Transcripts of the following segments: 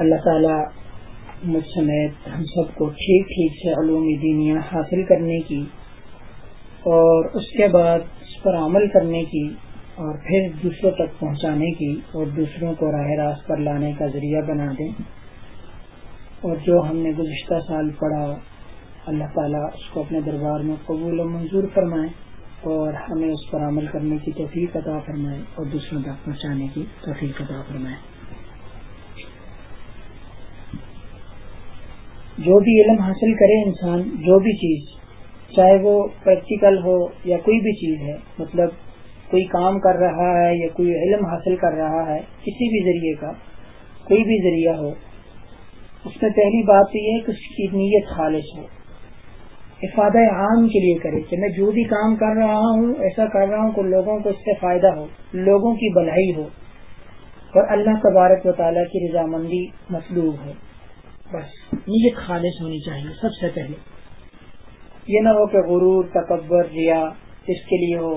اللہ تعالیٰ مجھ سمیت ہم سب کو ٹھیک ٹھیک سے علوم دینیا حاصل کرنے کی اور اس کے بعد اس پر عمل کرنے کی اور پھر دوسروں تک پہنچانے کی اور دوسروں کو راہ راست پر لانے کا ذریعہ بنا دیں اور جو ہم نے گزشتہ سال پڑھا اللہ تعالیٰ اس کو اپنے دربار میں قبول و منظور فرمائے اور ہمیں اس پر عمل کرنے کی توفیق عطا فرمائے اور دوسروں تک پہنچانے کی توفیق عطا فرمائے جو بھی علم حاصل کرے انسان جو بھی چیز چاہے وہ پریکٹیکل ہو یا کوئی بھی چیز ہے مطلب کوئی کام کر رہا ہے یا کوئی علم حاصل کر رہا ہے کسی بھی ذریعے کا کوئی بھی ذریعہ ہو اس میں پہلی بات یہ ہے کہ نیت خالص ہو افادہ عام کے لیے کرے کہ میں جو بھی کام کر رہا ہوں ایسا کر رہا ہوں کہ لوگوں کو اس سے فائدہ ہو لوگوں کی بلائی ہو اور اللہ تبارک و تعالیٰ کی رضامندی مطلوب ہے بس نیت خالص ہونی چاہیے سب سے پہلے یہ نہ ہو کہ غرور تکبر ریا اس کے لیے ہو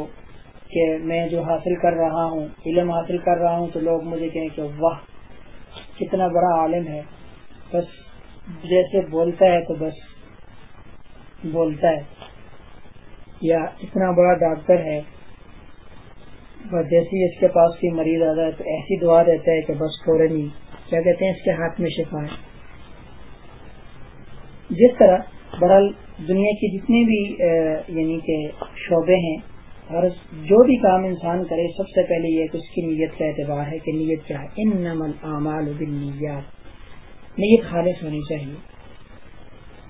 کہ میں جو حاصل کر رہا ہوں علم حاصل کر رہا ہوں تو لوگ مجھے کہیں کہ واہ کتنا بڑا عالم ہے بس جیسے بولتا ہے تو بس بولتا ہے یا اتنا بڑا ڈاکٹر ہے بس جیسے اس کے پاس کوئی مریض آتا ہے تو ایسی دعا دیتا ہے کہ بس فوراً ہی کیا کہتے ہیں اس کے ہاتھ میں شفا ہے جس طرح برال دنیا کی جتنے بھی یعنی کہ شعبے ہیں اور جو بھی کام انسان کرے سب سے پہلے یہ کہ اس کی نیت کا اعتبار ہے کہ نیت کیا ہے ان نمل اعمال نیت خالص ہونی چاہیے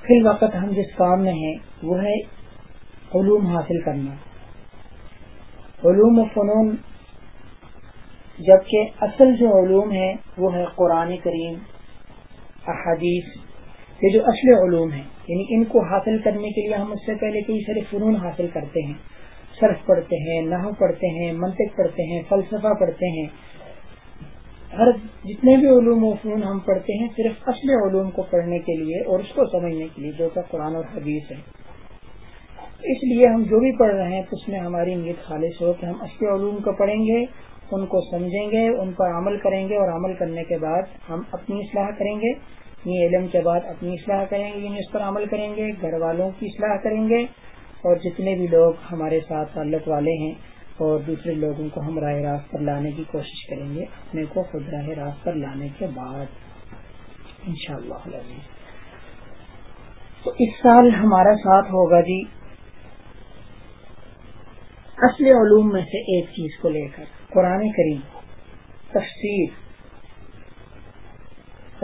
فی الوقت ہم جس کام میں ہیں وہ ہے علوم حاصل کرنا علوم و فنون جبکہ اصل جو علوم ہے وہ ہے قرآن کریم احادیث یہ جو اصل علوم ہیں یعنی ان کو حاصل کرنے کے لیے ہم اس سے پہلے کئی سارے فنون حاصل کرتے ہیں صرف پڑھتے ہیں نحو پڑھتے ہیں منطق پڑھتے ہیں فلسفہ پڑھتے ہیں ہر جتنے بھی علوم و فنون ہم پڑھتے ہیں صرف اصل علوم کو پڑھنے کے لیے اور اس کو سمجھنے کے لیے جو کہ قرآن اور حدیث ہے اس لیے ہم جو بھی پڑھ رہے ہیں تو اس میں ہماری نیت خالص ہو کہ ہم اصل علوم کو پڑھیں گے ان کو سمجھیں گے ان پر عمل کریں گے اور عمل کرنے کے بعد ہم اپنی اصلاح کریں گے یہ علم کے بعد اپنی اصلاح کریں گے یعنی اس پر عمل کریں گے گھر والوں کی اصلاح کریں گے اور جتنے بھی لوگ ہمارے ساتھ تعلق والے ہیں اور دوسرے لوگوں کو ہم راہ راست پر لانے کی کوشش کریں گے اپنے کو خود راہ راست پر لانے کے بعد ان شاء اللہ تو اس سال ہمارا ساتھ ہوگا جی اصل علوم میں سے ایک چیز کو لے کر قرآن کریم تفسیر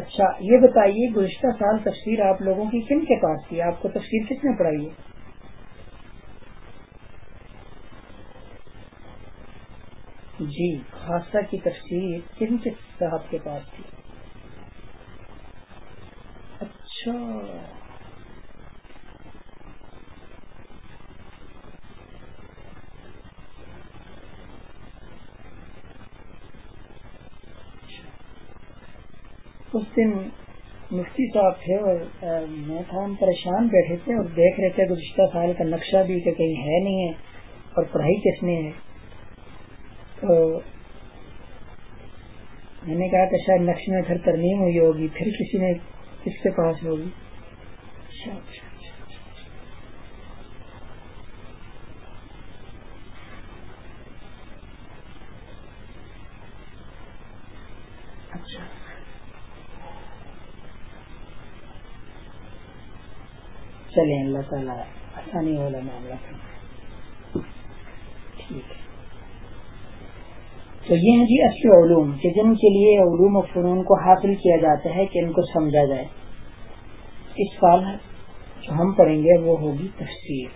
اچھا یہ بتائیے گزشتہ سال تفسیر آپ لوگوں کی کن کے پاس تھی آپ کو تفسیر کس نے پڑھائی ہے جی خاصہ کی تفسیر کن کے صاحب کے پاس تھی اچھا اس دن مفتی صاحب تھے اور میں تھا ہم پریشان بیٹھے تھے اور دیکھ رہے تھے گزشتہ سال کا نقشہ بھی کہ کہیں ہے نہیں ہے اور پڑھائی کس نے ہے تو میں نے کہا کہ شاید نقش میں پھر ترمیم ہوئی ہوگی پھر کسی نے کس کے پاس ہوگی معاملہ تو یہ ہیں جی اچھے علوم کہ جن کے لیے علوم و فنون کو حاصل کیا جاتا ہے کہ ان کو سمجھا جائے اس سال جو ہم پڑھیں گے وہ ہوگی تفصیل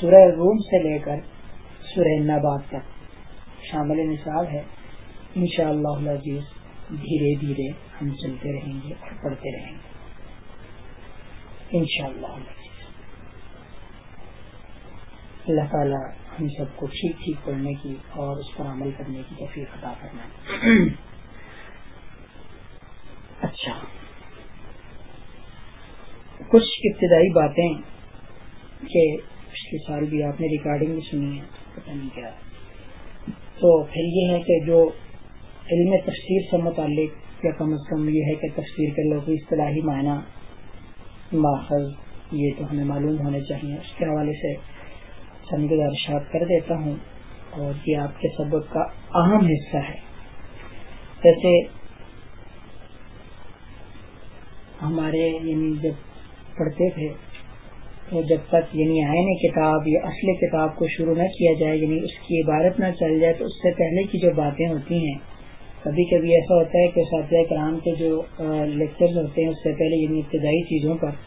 سورہ روم سے لے کر سورہ نباد تک شامل نصاب ہے انشاءاللہ شاء اللہ دھیرے دھیرے ہم چلتے رہیں گے اور پڑھتے رہیں گے انشاءاللہ اللہ اللہ تعالیٰ ہم سب کو ٹھیک ٹھیک پڑھنے کی اور اس پر عمل کرنے کی تفریح عطا کرنا اچھا کچھ ابتدائی باتیں کہ پچھلے سال بھی آپ نے ریکارڈنگ بھی سنی ہے پتہ نہیں کیا تو پھر یہ ہے کہ جو علم تفسیر سے متعلق یا کم از کم یہ ہے کہ تفسیر کے لوگ اصطلاحی معنی ماخذ یہ تو ہمیں معلوم ہونے چاہیے اس کے حوالے سے سنگل ارشاد کر دیتا ہوں اور یہ آپ کے سبق کا اہم حصہ ہے جیسے ہمارے یعنی جب پڑھتے تھے تو جب تک یعنی آئین کتاب یا اصل کتاب کو شروع نہ کیا جائے یعنی اس کی عبارت نہ چل جائے تو اس سے پہلے کی جو باتیں ہوتی ہیں کبھی کبھی ایسا ہوتا ہے کہ اساتذہ کرام کے جو لیکچر ہوتے ہیں اس سے پہلے یعنی ابتدائی چیزوں پر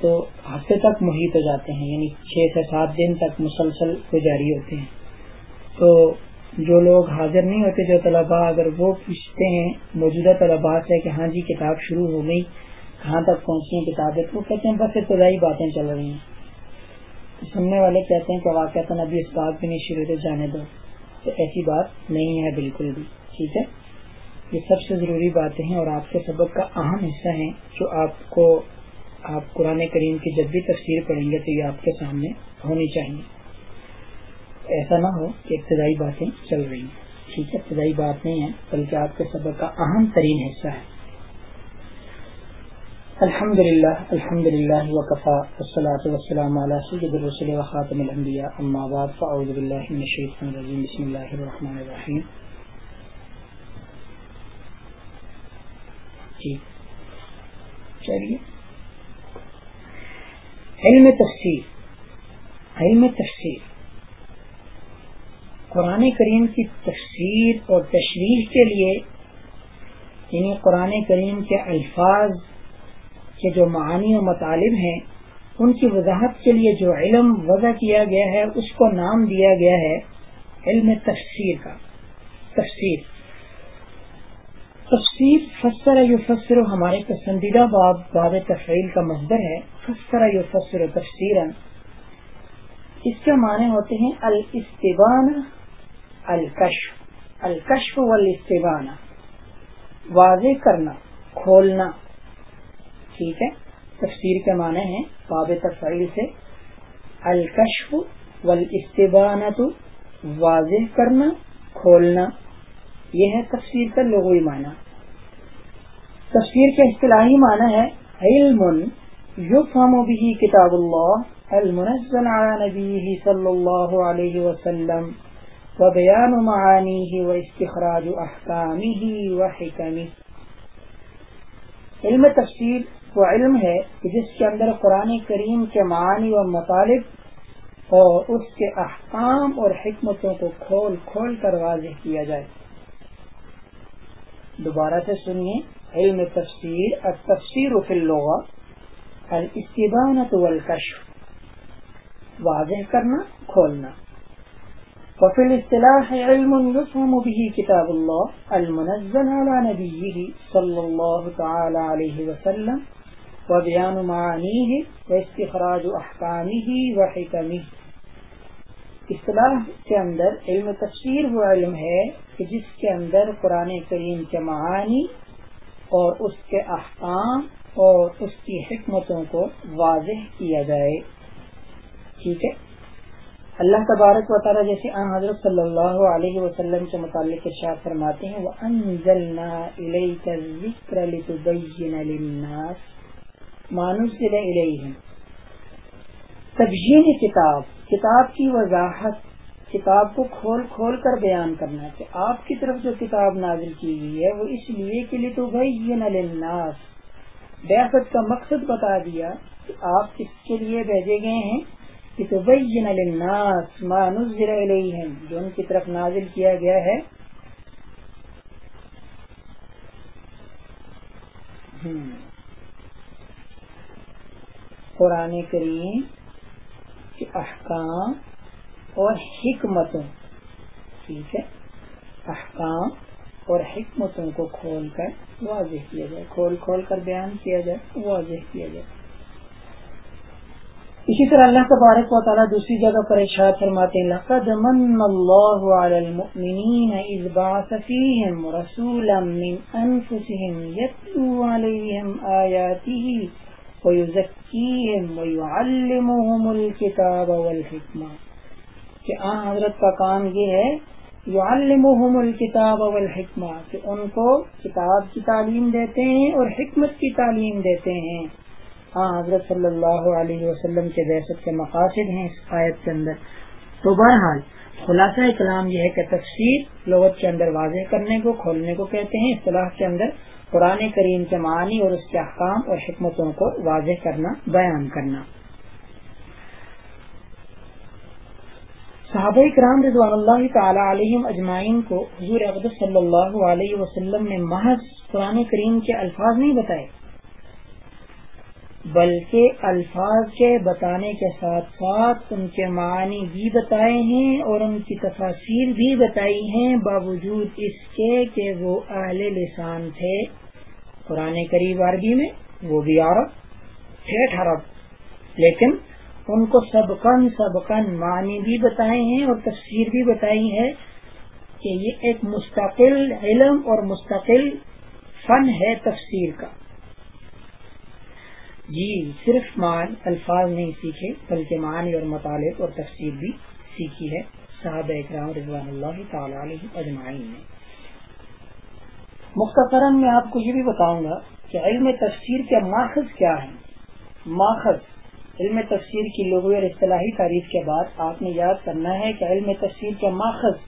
تو ہفتے تک محیط ہو جاتے ہیں یعنی چھ سے سات دن تک مسلسل جاری ہوتے ہیں تو جو لوگ حاضر نہیں ہوتے جو طلباء اگر وہ پوچھتے ہیں موجودہ طلباء سے کہ ہاں جی کتاب شروع ہو گئی کہاں تک پہنچی ہیں کتابیں تو کہتے ہیں بس ابتدائی باتیں چل رہی ہیں سننے والے کہتے ہیں کہ واقعات نہیں شروع ہو جانے دو تو ایسی بات نہیں ہے بالکل بھی ٹھیک ہے یہ سب سے ضروری باتیں ہیں اور آپ کے سبق کا اہم حصہ ہیں جو آپ کو آپ قرآن کریم کی جب بھی تفسیر پڑھیں گے تو یہ آپ کے سامنے ہونی چاہیے ایسا نہ ہو کہ ابتدائی باتیں چل رہی ہیں ٹھیک ہے ابتدائی بات نہیں ہے بلکہ آپ کے سبق کا اہم ترین حصہ ہے الحمد للہ الحمد للہ وقفا اللہ جی، چلیے علم تفسیر علم تفصیل قرآن کریم کی تفصیل اور تشریح کے لیے یعنی قرآن کریم کے الفاظ کے جو معانی و مطالب ہیں ان کی وضاحت کے لیے جو علم وضع کیا گیا ہے اس کو نام دیا گیا ہے علم تفسیر کا تفسیر تفسیر فسر یو فسر ہمارے پسندیدہ باب باب تفریح کا مصدر ہے فسر الفسر و تفسیر اس کے معنی ہوتے ہیں الاستبان الکشف الکشف و واضح کرنا کھولنا ٹھیک ہے تفسیر کے معنی ہیں باب تفریح سے الکشف و تو واضح کرنا کھولنا یہ ہے تفسیر کا لغوی معنی تفسیر کے اصطلاحی معنی ہے علم به کتاب اللہ المنزل نبیه صلی اللہ علیہ وسلم علم تفسیر و علم ہے جس کے اندر قرآن کریم کے معانی و مطالب اور اس کے احکام اور حکمتوں کو کھول کھول کر واضح کیا جائے دوبارہ سے سنیے علم علم تفسیر الاستبانت والکشف واضح کرنا کھولنا وفي يفهم به كتاب الله الله المنزل على نبيه صلى تعالى عليه وسلم وبيان معانيه واستخراج أحكامه وحكمه اصطلاح کے اندر علم تفسیر وہ علم ہے کہ جس کے اندر قرآن کریم کے معانی اور اس کے احکام اور اس کی حکمتوں کو واضح کیا جائے ٹھیک ہے اللہ تبارک و تعالیٰ جیسے آن حضرت صلی اللہ علیہ وسلم کے متعلق ارشاد فرماتے ہیں تبجین کتاب کتاب کی وضاحت کتاب کو کھول کھول کر بیان کرنا کہ آپ کی طرف جو کتاب نازل کی گئی ہے وہ اس لیے کے لیے تو بھائی یہ نلناس بیاست کا مقصد بتا دیا کہ آپ کس کے لیے بھیجے گئے ہیں کہ تو بھائی یہ نلناس مانوس رہی جو ان کی طرف نازل کیا گیا ہے قرآن کریم کے احکام اور حکمتوں ٹھیک ہے احکام اور حکمتوں کو کھول کر واضح کیا جائے کھول کھول کر بیان کیا جائے واضح کیا جائے اسی طرح اللہ تبارک و تعالیٰ دوسری جگہ پر اشار فرماتے آیا کتاب آن حضرت کا کام یہ ہے الکتاب اول حکمہ ان کو کتاب کی تعلیم دیتے ہیں اور حکمت کی تعلیم دیتے ہیں آ حضرت صلی اللہ علیہ وسلم کے دہشت کے مقاصد ہیں اس آیت کے اندر تو بہرحال خلاصہ کلام یہ ہے کہ تفصیل لغت کے اندر واضح کرنے کو کھولنے کو کہتے ہیں اصطلاح کے اندر قرآن کریم کے معنی اور اس کے احکام اور حکمتوں کو واضح کرنا بیان کرنا صحابہ کرام رضوان اللہ تعالی علیہ اجمائن کو حضور اقدس صلی اللہ علیہ وسلم نے محض قرآن کریم کے الفاظ نہیں بتائے بلکہ الفاظ کے بتانے کے ساتھ ساتھ ان کے معنی بھی بتائے ہیں اور ان کی تفاصیر بھی بتائی ہیں باوجود اس کے کہ وہ اہل لسان تھے پرانے قریب عربی میں وہ بھی عرب ٹھیک عرب لیکن ان کو سب کن سبقن معنی بھی بتائے ہیں اور تفسیر بھی بتائی ہے کہ یہ ایک مستقل علم اور مستقل فن ہے تفسیر کا جی صرف مان الفاظ نہیں سیکھے بلکہ معنی اور مطالب اور تفصیل بھی سیکھی ہے صاحب اکرام رضوان اللہ تعالی علیہ اجمائن نے مختصراً میں آپ کو یہ بھی بتاؤں گا کہ علم تفسیر کے ماخذ کیا ہیں ماخذ علم تفسیر کی لغوی اور اصطلاحی تعریف کے بعد آپ نے یاد کرنا ہے کہ علم تفسیر کا ماخذ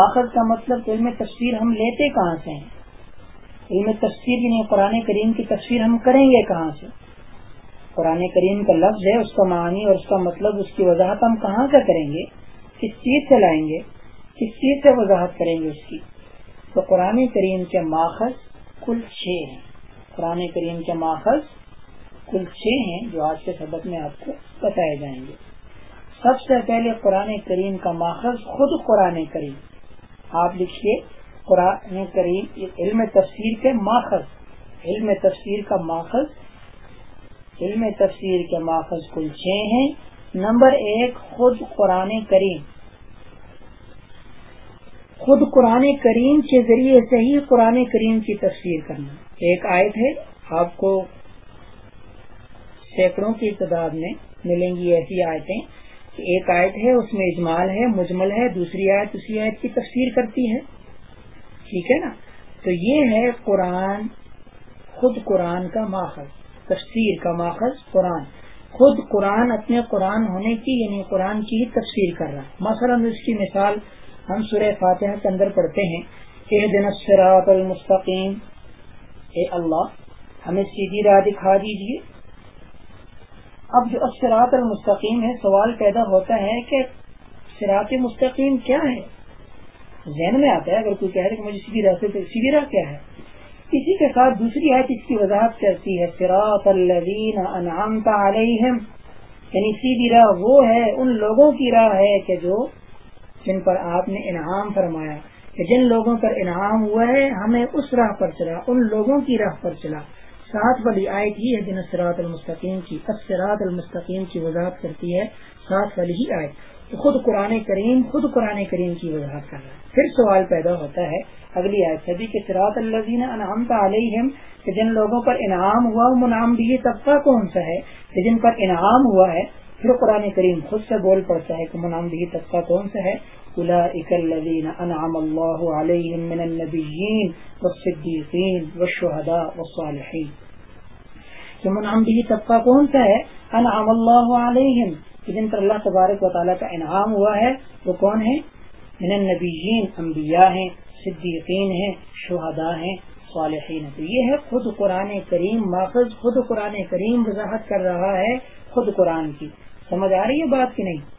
ماخذ کا مطلب علم تفسیر ہم لیتے کہاں سے ہیں علم تفسیر یعنی قرآن کریم کی تصویر ہم کریں گے کہاں سے قرآن کریم کا لفظ ہے اس کا معنی اور اس کا مطلب اس کی وضاحت ہم کہاں سے کریں گے کس چیز سے لائیں گے کس چیز سے وضاحت کریں گے اس کی تو قرآن کریم کے ماخذ کل چھ ہیں قرآن کریم کے ماخذ کل چھ ہیں جو آج کے سبق میں آپ کو بتائے جائیں گے سب سے پہلے قرآن کریم کا ماخذ خود قرآن کریم آپ لکھیے قرآن کریم علم تفسیر کے ماخذ علم تفسیر کا ماخذ علم تفسیر کے ماخذ کل چھ ہیں نمبر ایک خود قرآن کریم خود قرآن کریم کے ذریعے سے ہی قرآن کریم کی تفسیر کرنا ایک آیت ہے آپ کو سینکڑوں کی تعداد میں ملیں گی ایسی آیتیں کہ ایک آیت ہے اس میں اجمال ہے مجمل ہے دوسری آیت اسی آیت کی تفسیر کرتی ہے ٹھیک ہے نا تو یہ ہے قرآن خود قرآن کا ماخذ تفسیر کا ماخذ قرآن خود قرآن اپنے قرآن ہونے کی یعنی قرآن کی ہی تفسیر کر رہا ہے اس کی مثال ہم سورہ فاتحہ کے اندر پڑھتے ہیں اے اے دن المستقیم اللہ ہمیں سیدھی راہ دکھا دیجیے اب جو اکثرات المستقیم ہے سوال پیدا ہوتا ہے کہ سراط مستقیم کیا ہے ذہن میں آتا ہے اگر کوئی کہہ رہے کہ مجھے سیدھی راہ سے سیدھی راہ کیا ہے اسی کے ساتھ دوسری آیت اس کی وضاحت کرتی ہے انہاں علیہم یعنی سیدھی راہ وہ ہے ان لوگوں کی راہ ہے کہ جو جن پر آپ نے انعام فرمایا کہ جن لوگوں پر انعام ہوا ہے ہمیں اس راہ پر چلا ان لوگوں کی راہ پر چلا سات والی آیت ہی ہے جن سراط المستقیم کی اب سراط المستقیم کی وضاحت کرتی ہے سات والی ہی آیت خود قرآن کریم خود قرآن کریم کی وضاحت کر رہا ہے پھر سوال پیدا ہوتا ہے اگلی آئے سبھی کے سراط الزین انعام کا جن لوگوں پر انعام ہوا وہ منعام بھی یہ طبقہ کون سا ہے کہ جن پر انعام ہوا ہے پھر قرآن کریم خود سے بول پڑتا ہے کہ منعام بھی طبقہ کون سا ہے الا اکلین انعام اللہ علیہ من النبیین والصدیقین والشہداء والصالحین جو منعام بھی طبقہ کون سا ہے انعام اللہ علیہم کہ جن پر اللہ تبارک و تعالیٰ کا انعام ہوا ہے وہ کون ہیں من النبیین انبیاء ہیں صدیقین ہیں شہداء ہیں صالحین تو یہ ہے خود قرآن کریم ماخذ خود قرآن کریم وضاحت کر رہا ہے خود قرآن کی سمجھ آ رہی ہے بات کی نہیں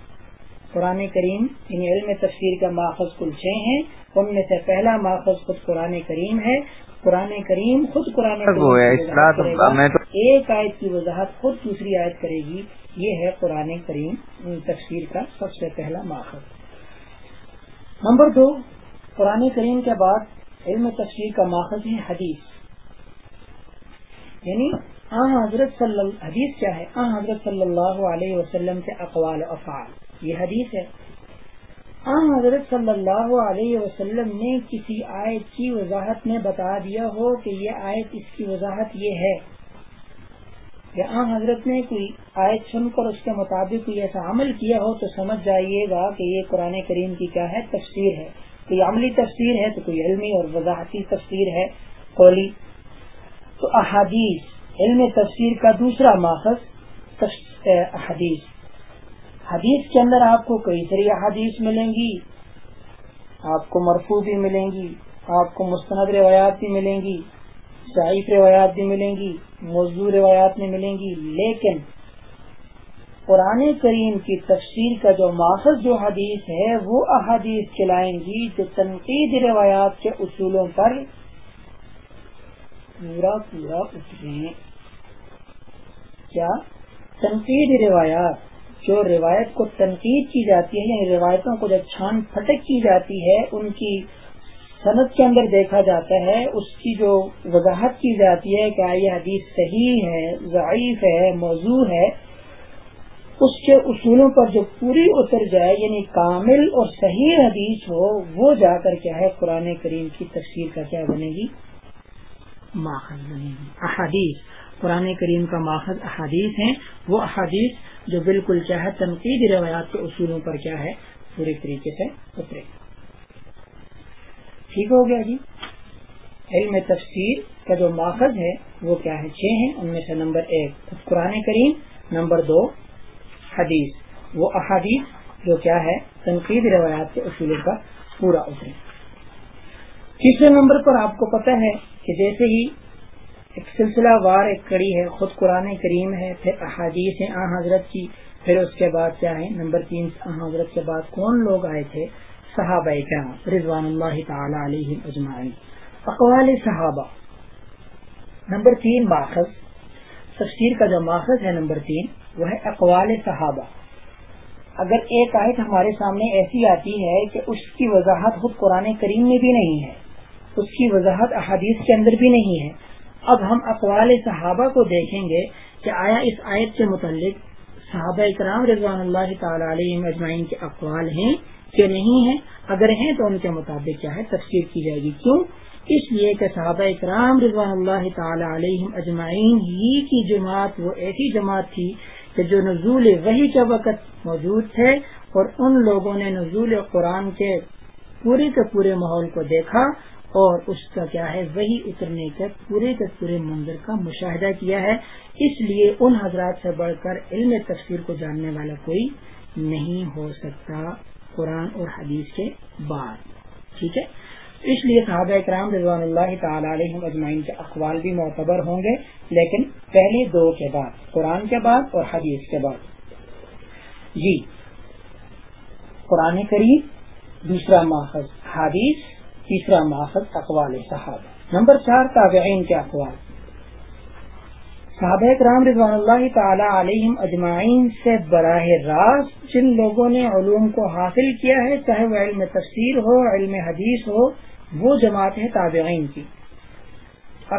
قرآن کریم ان یعنی علم تفسیر کا ماخذ کل چھ ہیں ان میں سے پہلا ماخذ خود قرآن کریم ہے قرآن کریم خود قرآن ایک آیت کی وضاحت خود دوسری آیت کرے گی یہ ہے قرآن کریم یعنی تفسیر کا سب سے پہلا ماخذ نمبر دو قرآن کریم کے بعد علم تفسیر کا ماخذ ہے حدیث یعنی حضرت صلی حدیث کیا ہے حضرت صلی اللہ علیہ وسلم کے اقوال افعال یہ حدیث ہے عام حضرت صلی اللہ علیہ وسلم نے کسی آیت کی وضاحت میں بتا دیا ہو کہ یہ آیت اس کی وضاحت یہ ہے یا عام حضرت نے کوئی آیت سن کر اس کے مطابق کوئی ایسا عمل کیا ہو تو سمجھ جائیے گا کہ یہ قرآن کریم کی کیا ہے تفسیر ہے کوئی عملی تفسیر ہے تو کوئی علمی اور وضاحتی تفسیر ہے قولی تو احادیث علم تفسیر کا دوسرا ماخذ احادیث حدیث کے اندر آپ کو کئی طریقے احادیث ملیں گی آپ کو مرفو بھی ملیں گی آپ کو مستند روایات بھی ملیں گی ضعیف روایات بھی ملیں گی موضوع روایات بھی ملیں گی لیکن قرآن کریم کی تفسیر کا جو ماخذ جو حدیث ہے وہ احادیث چلائیں گی جو تنقید روایات کے اصولوں پر پورا پورا کیا تنقید روایات جو روایت کو تنقید کی جاتی ہے یعنی روایتوں کو جب چھان پھٹک کی جاتی ہے ان کی صنعت کے اندر دیکھا جاتا ہے اس کی جو وضاحت کی جاتی ہے کہ یہ حدیث صحیح ہے ضعیف ہے موضوع ہے اس کے اصولوں پر جو پوری اتر جائے یعنی کامل اور صحیح حدیث ہو وہ جا کر کیا ہے قرآن کریم کی تفسیر کا کیا بنے گی احادیث قرآن کریم کا ماخذ احادیث ہیں وہ احادیث جو بالکل کیا ہے تنقید روایات کے اصولوں پر کیا ہے پورے طریقے سے اترے ٹھیک ہو گیا جی علم تفسیر کا جو ماخذ ہے وہ کیا ہے چھ ہیں ان میں سے نمبر ایک قرآن کریم نمبر دو حدیث وہ احادیث جو کیا ہے تنقید روایات کے اصولوں کا پورا اترے تیسرے نمبر پر آپ کو پتہ ہے کہ جیسے ہی ایک سلسلہ وار ایک کڑی ہے خود قرآن کریم ہے پھر احادیث ہیں حضرت کی پھر اس کے بعد کیا ہے نمبر تین حضرت کے بعد کون لوگ آئے تھے صحابہ کیا رضوان اللہ تعالی علیہ اجمائی اقوال صحابہ نمبر تین ماخذ تفسیر کا جو ماخذ ہے نمبر تین وہ ہے اقوال صحابہ اگر ایک آیت ہمارے سامنے ایسی آتی ہے کہ اس کی وضاحت خود قرآن کریم میں بھی نہیں ہے اس کی وضاحت احادیث کے اندر بھی نہیں ہے اب ہم اقوال صحابہ کو دیکھیں گے کہ آیا اس آیت کے متعلق صحابہ اکرام رضوان اللہ تعالیٰ علیہ اجمعین کے اقوال ہیں کہ نہیں ہیں اگر ہیں تو ان کے مطابق کیا ہے تفسیر کی جائے گی کیوں اس لیے کہ صحابہ اکرام رضوان اللہ تعالیٰ علیہ اجمعین ہی کی جماعت وہ ایسی جماعت تھی کہ جو نزول وہی کے وقت موجود تھے اور ان لوگوں نے نزول قرآن کے پورے کے پورے ماحول کو دیکھا اور اس کا کیا ہے وہی اترنے کے پورے کے پورے مندر کا مشاہدہ کیا ہے اس لیے ان حضرات سے بڑھ کر علم تفسیر کو جاننے والا کوئی نہیں ہو سکتا قرآن اور حدیث کے بعد ٹھیک ہے اس لیے صحابہ کرام رضوان اللہ تعالی علیہ اجمائن کے اخبار بھی معتبر ہوں گے لیکن پہلے دو کے بعد قرآن کے بعد اور حدیث کے بعد جی قرآن کریم دوسرا ماخذ حادیث تیسرا ماخذ اقوال صحابہ نمبر چار تابعین کے اقوال صحابہ رام رضوان اللہ تعالی علیہم اجمعین سے براہ راست جن لوگوں نے علوم کو حاصل کیا ہے چاہے وہ علم تفسیر ہو علم حدیث ہو وہ جماعت ہے تابعین کی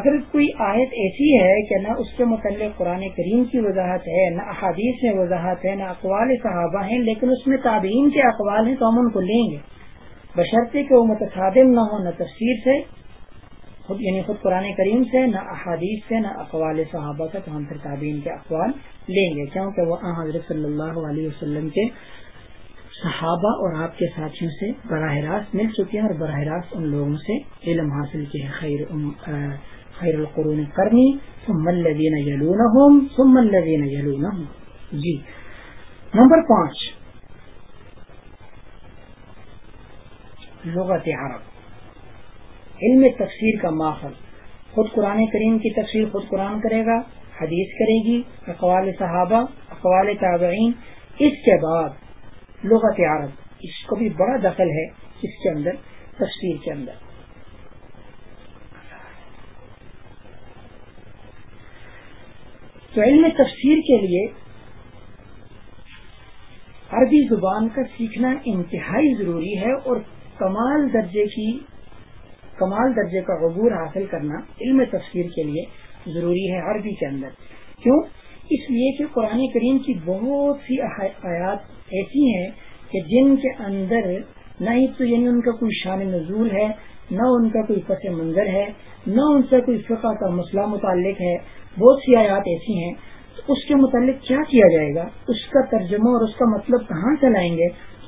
اگر کوئی آیت ایسی ہے کہ نہ اس کے متعلق قرآن کریم کی وضاحت ہے نہ احادیث میں وضاحت ہے نہ اقوال صحابہ ہیں لیکن اس میں تابعین کے اقوال ہیں تو ہم ان کو لیں گے بشرطی کے وہ متصادم نہ ہو نہ تفسیر سے خود یعنی خود قرآن کریم سے نہ احادیث سے نہ اقوال صحابہ سے تو ہم پھر تعبین کے اقوال لیں گے کیونکہ وہ حضرت صلی اللہ علیہ وسلم کے صحابہ اور آپ کے ساتھیوں سے براہ راست مل چکے ہیں اور براہ راست ان لوگوں سے علم حاصل کیا ہے خیر القرون کرنی جی نمبر پانچ لغت عرب علم تفسیر کا ماحول خود قرآن کریم کی تفسیر خود قرآن کرے گا حدیث کرے گی اقوال صحابہ اقوال تابعین اس کے بعد لغت عرب اس کو بھی بڑا دخل ہے اس کے اندر تفسیر کے اندر تو علم تفسیر کے لیے عربی زبان کا سیکھنا انتہائی ضروری ہے اور کمال درجے کی کمال درجے کا عبور حاصل کرنا علم تفسیر کے لیے ضروری ہے عربی کے اندر کیوں اس لیے کہ قرآن کریم کی بہت سی آیات ایسی ہیں کہ جن کے اندر نہ ہی تو یعنی ان کا کوئی شان نظور ہے نہ ان کا کوئی فص منظر ہے نہ ان سے کوئی فقہ کا مسئلہ متعلق ہے بہت سی آیات ایسی ہیں اس کے متعلق کیا کیا جائے گا اس کا ترجمہ اور اس کا مطلب کہاں سے لائیں گے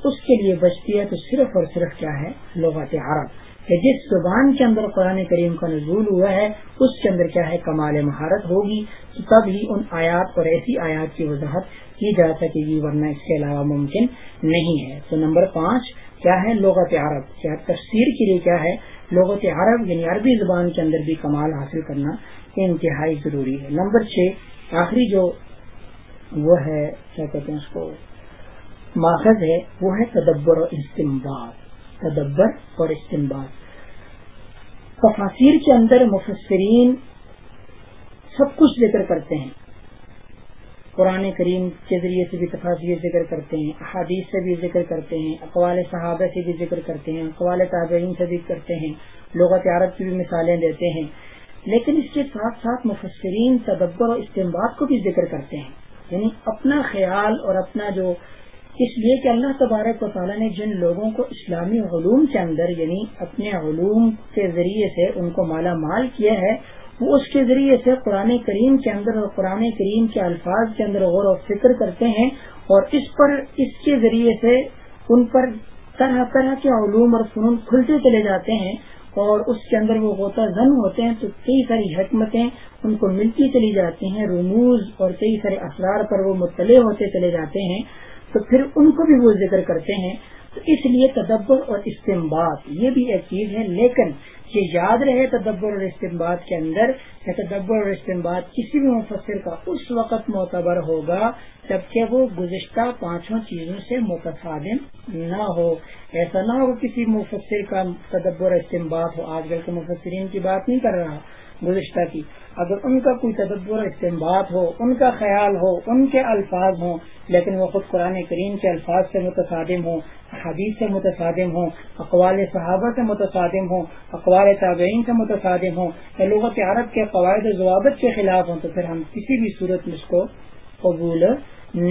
اس کے لیے بچتی ہے تو صرف اور صرف کیا ہے لوگ عرب کہ جس زبان کے اندر قرآن کریم کا نزول ہوا ہے اس کے اندر کیا ہے کمال مہارت ہوگی تو ہی ان آیات اور ایسی آیات کی وضاحت کی جا سکے گی ورنہ اس کے علاوہ ممکن نہیں ہے تو نمبر پانچ کیا ہے لوگ عرب کیا تفسیر کے لیے کیا ہے لوگ عرب یعنی عربی زبان کے اندر بھی کمال حاصل کرنا انتہائی ضروری ہے نمبر چھ آخری جو وہ ہے کیا کہتے ہیں اس کو ماخذ ہے وہ ہے تدبر اور استمباد تدبر اور استمباد تفاصیر کے اندر مفسرین سب کچھ ذکر کرتے ہیں قرآن کریم کے ذریعے سے بھی تفاصیر ذکر کرتے ہیں احادیث سے بھی ذکر کرتے ہیں اقوال صحابہ سے بھی ذکر کرتے ہیں اقوال تابعین سے بھی کرتے ہیں لغت عرب کی بھی مثالیں دیتے ہیں لیکن اس کے ساتھ ساتھ مفسرین تدبر اور استعمال کو بھی ذکر کرتے ہیں یعنی اپنا خیال اور اپنا جو اس لیے کہ اللہ تبارک و تعالیٰ نے جن لوگوں کو اسلامی علوم کے اندر یعنی اپنے علوم کے ذریعے سے ان کو مالا مال کیا ہے وہ اس کے ذریعے سے قرآن کریم کے اندر اور قرآن کریم کے الفاظ کے اندر غور و فکر کرتے ہیں اور اس پر اس کے ذریعے سے ان پر طرح طرح کے علوم اور فنون کھلتے چلے جاتے ہیں اور اس کے اندر وہ غوطہ زن ہوتے ہیں تو کئی ساری حکمتیں ان کو ملتی چلی جاتی ہیں رموز اور کئی سارے اثرار پر وہ مطلع ہوتے چلے جاتے ہیں تو پھر ان کو بھی وہ ذکر کرتے ہیں تو اس لیے تدبر اور استمبا یہ بھی ایک چیز ہے لیکن یاد رہے تدبر اور استعمال کے اندر تدبر اور استعمال کسی بھی مفسر کا اس وقت معتبر ہوگا جب کہ وہ گزشتہ پانچوں چیزوں سے متصادم نہ ہو ایسا نہ ہو کسی مفسر کا تدبر استمباد ہو آج کل کے مفسرین کی بات نہیں کر رہا گزشتہ کی اگر ان کا کوئی تدبر استعمال ہو ان کا خیال ہو ان کے الفاظ ہوں لیکن وہ خود قرآن کریم کے الفاظ سے متصادم ہوں حدیث سے متصادم ہوں اقوال صحابہ سے متصادم ہوں اقوال تابعین سے متصادم ہوں یا لغت عرب کے قواعد و ضوابط کے خلاف ہوں تو پھر ہم کسی بھی صورت میں اس کو قبول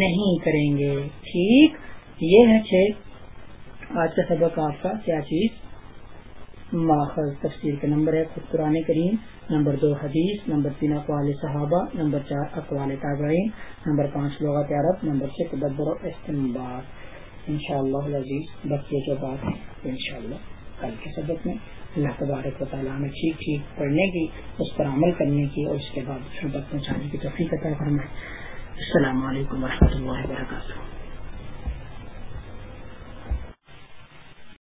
نہیں کریں گے ٹھیک یہ ہے کہ آج کا سبق آپ کا کیا چیز ماخذ تفصیل کے نمبر ہے خود قرآن کریم نمبر دو حدیث نمبر تین اقوال صحابہ نمبر چار اقوال تابعین نمبر پانچ لغت عرب نمبر چھ تدبر و اختمبا ان شاء اللہ عزیز بچے جو بات ہے ان شاء اللہ کل کے سبق میں اللہ تبارک و تعالیٰ ہمیں ٹھیک ٹھیک پڑھنے کی اس پر عمل کرنے کی اور اس کے بعد سبق پہنچانے کی تفریح کا طے فرمائے السلام علیکم و اللہ وبرکاتہ